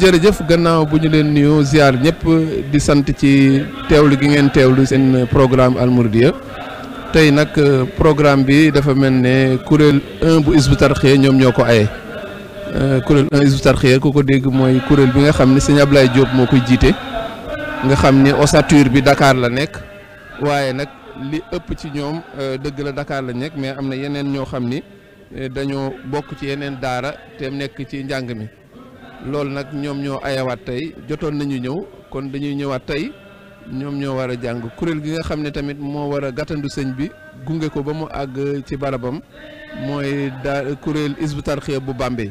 jërëjëf gannaaw bu ñu leen nuyoo ziar ñëpp di sant ci teewlu gi ngeen teew teewlu seen programme almouridiya tey nag programme bi dafa mel ne kuréel 1 bu Hizbut ñoom ñoo ko aye euh, kuréel 1 Hizbut Tarqiyyah ko dégg mooy kuréel bi nga xam ne sëñ Ablaye Diop moo koy jiite nga xam ni ossature bi Dakar la nekk waaye nag li ëpp ci ñoom euh, dëgg la Dakar la nekk mais am na yeneen ñoo xam ni euh, dañoo bokk ci yeneen daara te nekk ci njàng mi loolu nag ñoom ñoo ayawaat tey jotoon nañu ñëw kon dañuy ñëwaat tey ñoom ñoo war a jàng kuréel gi nga xam ne tamit moo war a gàttandu sëñ bi gunge ko ba mu àgg ci barabam mooy daa kuréel Hizbut Tarqiyyah bu Bambey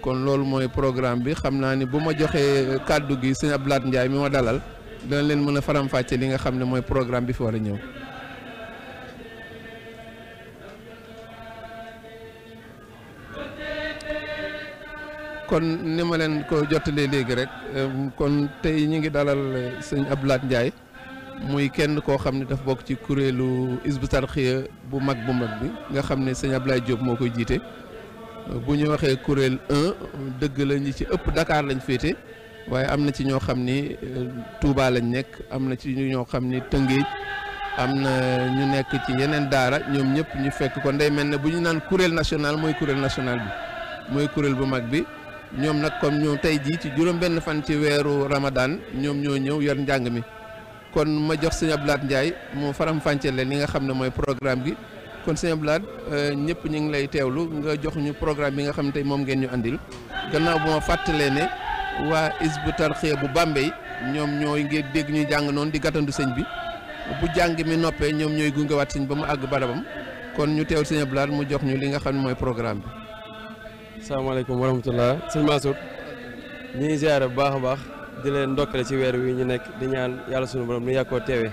kon loolu mooy programme bi xam naa ni bu ma joxee kàddu gi sëñ Abdou Lahad Ndiaye mi ma dalal dana leen mën a faramfàcce li nga xam ne mooy programme bi fi war a ñëw kon ni ma leen ko jottalee léegi rek euh, kon tey ñu ngi dalal sëñ ablaat Lahad muy kenn koo xam ne daf bokk ci kuréelu Hizbut Tarqiyyah bu mag bu mag bi nga xam ne sëñ Abdoulaye jóob moo koy jiite bu ñu waxee kuréel 1 dëgg la ñi ci ëpp ndakaar lañ féete waaye am na ci ñoo xam ni euh, tuubaa lañ nekk am na ci ñoo xam ni Tëngéej am na ñu nekk ci yeneen daara ñoom ñëpp ñu fekk ko ndey mel ne bu ñu naan kuréel national mooy kuréel national bi mooy kuréel bu mag bi ñoom nag comme ñoo tey jii ci juróom-benn fan ci weeru Ramadan ñoom ñoo ñëw yor njàng mi kon ma jox sëñ Abdoulaye Ndiaye moo faram-fàccee leen li nga xam ne mooy programme bi kon sëñ Abdoulaye euh, ñëpp ñu ngi lay teewlu nga jox ñu programme bi nga xam ne tey moom ngeen ñu indil gannaaw bu ma fàttalee ne waa bu Tarqiyyah bu Bambey ñoom ñooy ngeen dégg ñuy jàng noonu di gàttandu sëñ bi bu jàng mi noppee ñoom ñooy gungewaat sëñ ba mu àgg barabam kon ñu teewlu sëñ Abdoulaye mu jox ñu li nga xam ne mooy programme bi. salaamaaleykum wa rahmatulah sëñ Mansour ñu ngi ziare bu baax a baax di leen ndokkale ci weer wi ñu nekk di ñaan yàlla sunu borom nu yàgg koo teewee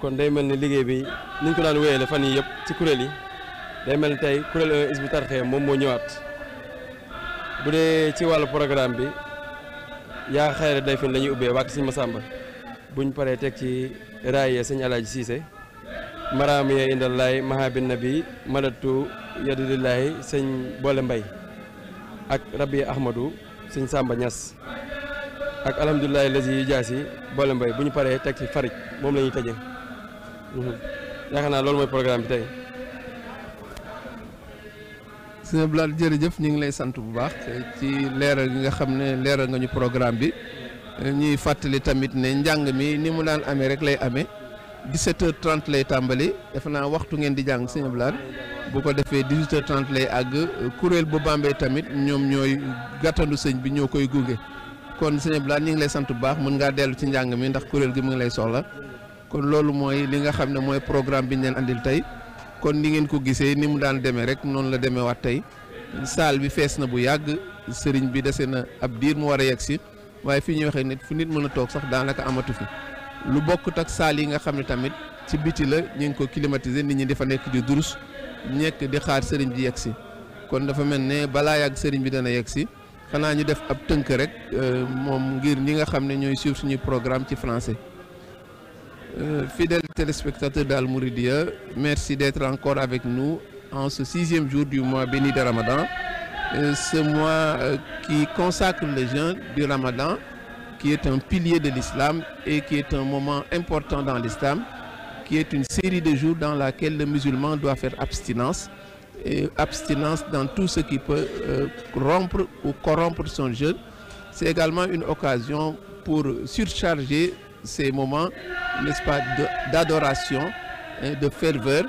kon day mel ni liggéey bi ni ñu ko daan wéyale fan yi yëpp ci kuréel yi day mel ni tey kuréel Hizbut Tarqiyyah moom moo ñëwaat bu dee ci wàllu programme bi yaa xayra day fin la ñuy ubbee waxtu sëñ Massamba buñ paree teg ci raayee sëñ Alaaji Siise maraamiya indallaay mahabin nabi malatu yadulillaahi sëñ boole mbay ak rabi ahmadou sëñ sàmba ñas ak alhamdulilahi lazi yu jaasi boole mbay bu ñu paree teg ci farij moom la ñuy tëje mhm. yaakaar naa loolu mooy programme bi tey sëñ Abdoulaye jërëjëf ñu ngi lay sant bu baax ci leeral gi nga xam ne leeral nga ñu programme bi ñuy fàttali tamit ne njàng mi ni mu daan amee rek lay amee 17h30 lay tàmbali def naa waxtu ngeen di jàng sëñ Ablaye bu ko defee 18h30 lay àgg kuréel bu Bambey tamit ñoom ñooy gàttandu sëñ bi ñoo koy gunge kon sëñ Ablaye ñu ngi lay sant bu baax mën ngaa dellu ci njàng mi ndax kuréel gi mu ngi lay soxla kon loolu mooy li nga xam ne mooy programme bi ñu leen andil tey kon ni ngeen ko gisee ni mu daan demee rek noonu la demee waat tey saal bi fees na bu yàgg sëriñ bi dese na ab diir mu war a yegg si waaye fi ñuy waxee nit fu nit mën a toog sax daanaka amatu fi. lu bokk ak saal yi nga xam ne tamit ci biti la ñu ngi ko climatiser nit ñi dafa nekk di durus nekk di xaar sëriñ bi yegg si kon dafa mel ne balaa yàgg sëriñ bi dana yegg si xanaa ñu def ab tënk rek euh, moom ngir ñi nga xam ne ñooy suivre suñuy programme ci français euh, fidèles téléspectateurs d'Al Mouridiyyah merci d'être encore avec nous en ce sixième jour du mois béni de Ramadan euh, ce mois qui consacre les gens du Ramadan qui est un pilier de l'islam et qui est un moment important dans l'islam, qui est une série de jours dans laquelle le musulman doit faire abstinence, et abstinence dans tout ce qui peut euh, rompre ou corrompre son jeûne. C'est également une occasion pour surcharger ces moments, n'est-ce pas, d'adoration, de, de ferveur.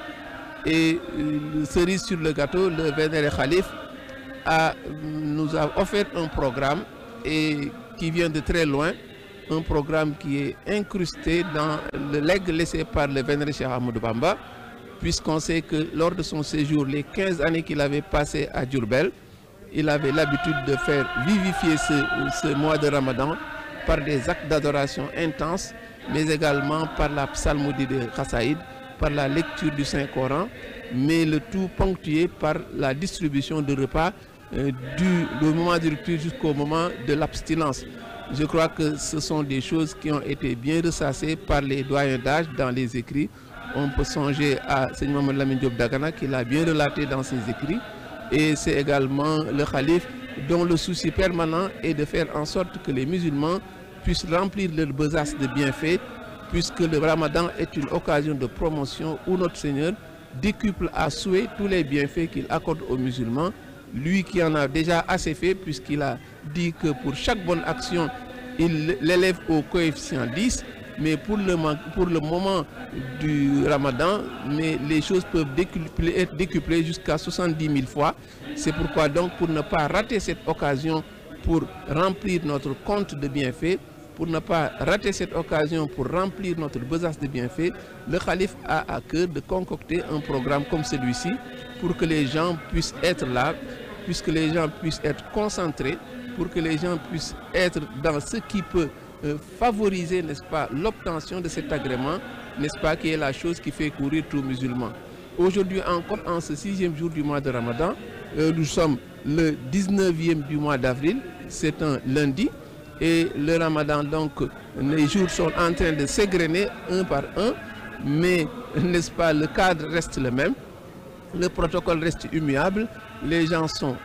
Et euh, cerise sur le gâteau, le vénéré Khalif a, nous a offert un programme et qui vient de très loin, un programme qui est incrusté dans le legs laissé par le vénéré Cheikh Ahmadou Bamba, puisqu'on sait que lors de son séjour, les 15 années qu'il avait passées à Djurbel, il avait l'habitude de faire vivifier ce, ce mois de Ramadan par des actes d'adoration intenses, mais également par la psalmodie de Khassaïd, par la lecture du Saint-Coran, mais le tout ponctué par la distribution de repas Euh, du, du moment du rupture jusqu'au moment de l'abstinence. Je crois que ce sont des choses qui ont été bien ressassées par les doyens d'âge dans les écrits. On peut songer à Seigneur Mamadou Lamine Diop Dagana qui l'a bien relaté dans ses écrits. Et c'est également le calife dont le souci permanent est de faire en sorte que les musulmans puissent remplir leur besace de bienfaits, puisque le ramadan est une occasion de promotion où notre Seigneur décuple à souhait tous les bienfaits qu'il accorde aux lui qui en a déjà assez fait puisqu'il a dit que pour chaque bonne action, il l'élève au coefficient mais pour le, pour le moment du ramadan, mais les choses peuvent décupler, être décuplées jusqu'à 70 000 fois. C'est pourquoi donc, pour ne pas rater cette occasion pour remplir notre compte de bienfaits, pour ne pas rater cette pour remplir notre besace de bienfaits, le calife de concocter un programme comme celui pour que les gens puissent être là puisque les gens puissent être concentrés, pour que les gens puissent être dans ce qui peut euh, favoriser, n'est-ce de cet agrément, nest la chose qui fait courir tout musulman. Aujourd'hui en ce sixième jour du mois de Ramadan, euh, nous sommes le 19e du mois d'avril, c'est un et le Ramadan, donc, les jours sont en de s'égrener par un, mais, n'est-ce le cadre reste le même. le protocole reste immuable, les gens sont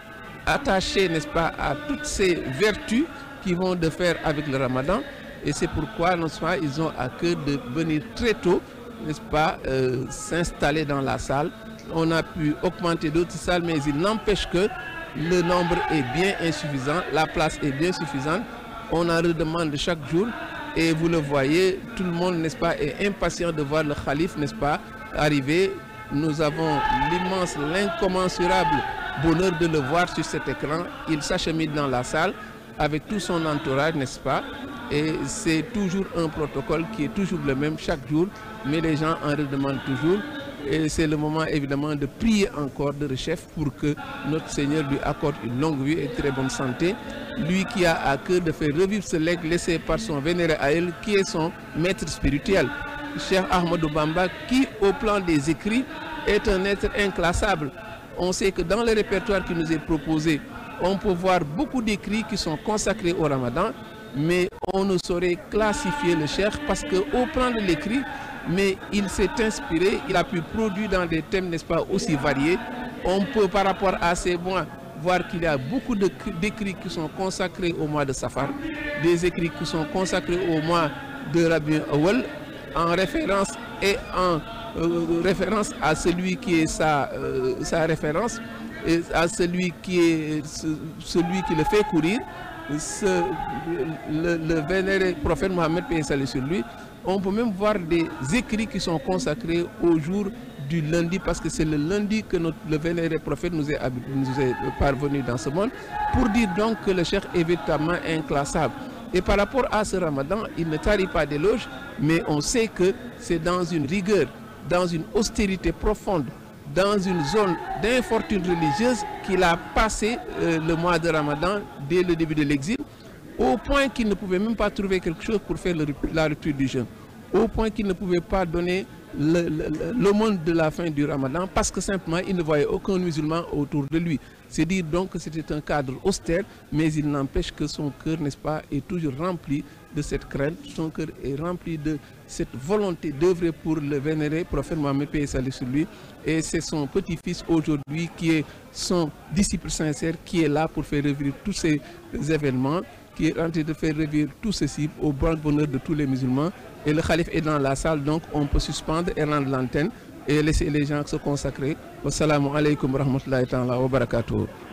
attachés, n'est-ce pas, à toutes ces vertus qui vont de faire avec le ramadan. Et c'est pourquoi, n'est-ce pas, ils ont à cœur de venir très tôt, n'est-ce pas, euh, s'installer dans la salle. On a pu augmenter d'autres salles, mais il n'empêche que le nombre est bien insuffisant, la place est bien suffisante. On en redemande chaque jour et vous le voyez, tout le monde, n'est-ce pas, est impatient de voir le calife, n'est-ce pas, arriver nous avons l'immense, l'incommensurable bonheur de le voir sur cet écran. Il s'achemine dans la salle avec tout son entourage, n'est-ce pas Et c'est toujours un protocole qui est toujours le même chaque jour, mais les gens en redemandent toujours. Et c'est le moment évidemment de prier encore de chef pour que notre Seigneur lui accorde une longue vie et très bonne santé. Lui qui a à cœur de faire revivre ce legs laissé par son vénéré à elle, qui est son maître spirituel. Cheikh Ahmadou Bamba, qui au plan des écrits est un être inclassable. On sait que dans le répertoire qui nous est proposé, on peut voir beaucoup d'écrits qui sont consacrés au Ramadan, mais on ne saurait classifier le Cheikh parce que au plan de l'écrit, mais il s'est inspiré, il a pu produire dans des thèmes, n'est-ce pas, aussi variés. On peut par rapport à ces mois voir qu'il y a beaucoup d'écrits qui sont consacrés au mois de Safar, des écrits qui sont consacrés au mois de Rabiul Awwal en référence et en euh, référence à celui qui est sa, euh, sa référence, et à celui qui est ce, celui qui le fait courir, ce, le, le vénéré prophète Mohammed P.S.A.L. sur lui, on peut même voir des écrits qui sont consacrés au jour du lundi parce que c'est le lundi que notre, le vénéré prophète nous est, nous est parvenu dans ce monde pour dire donc que le cher est véritablement inclassable. Et par rapport à ce ramadan, il ne tarit pas d'éloges, mais on sait que c'est dans une rigueur, dans une austérité profonde, dans une zone d'infortune religieuse qu'il a passé euh, le mois de ramadan dès le début de l'exil, au point qu'il ne pouvait même pas trouver quelque chose pour faire le, la rupture du jeûne, au point qu'il ne pouvait pas donner le, le, le, monde de la fin du ramadan parce que simplement il ne voyait aucun musulman autour de lui. C'est dire donc que c'était un cadre austère, mais il n'empêche que son cœur, n'est-ce pas, est toujours rempli de cette crainte, son cœur est rempli de cette volonté d'œuvrer pour le vénérer, prophète Mohamed paix salut sur lui. Et c'est son petit-fils aujourd'hui qui est son disciple sincère qui est là pour faire revivre tous ces événements qui est en train de faire revivre tout ceci au bon bonheur de tous les musulmans. Et le calife est dans la salle, donc on peut suspendre et rendre l'antenne et laisser les gens se consacrer. Wassalamu alaikum rahmatullahi wa barakatuh.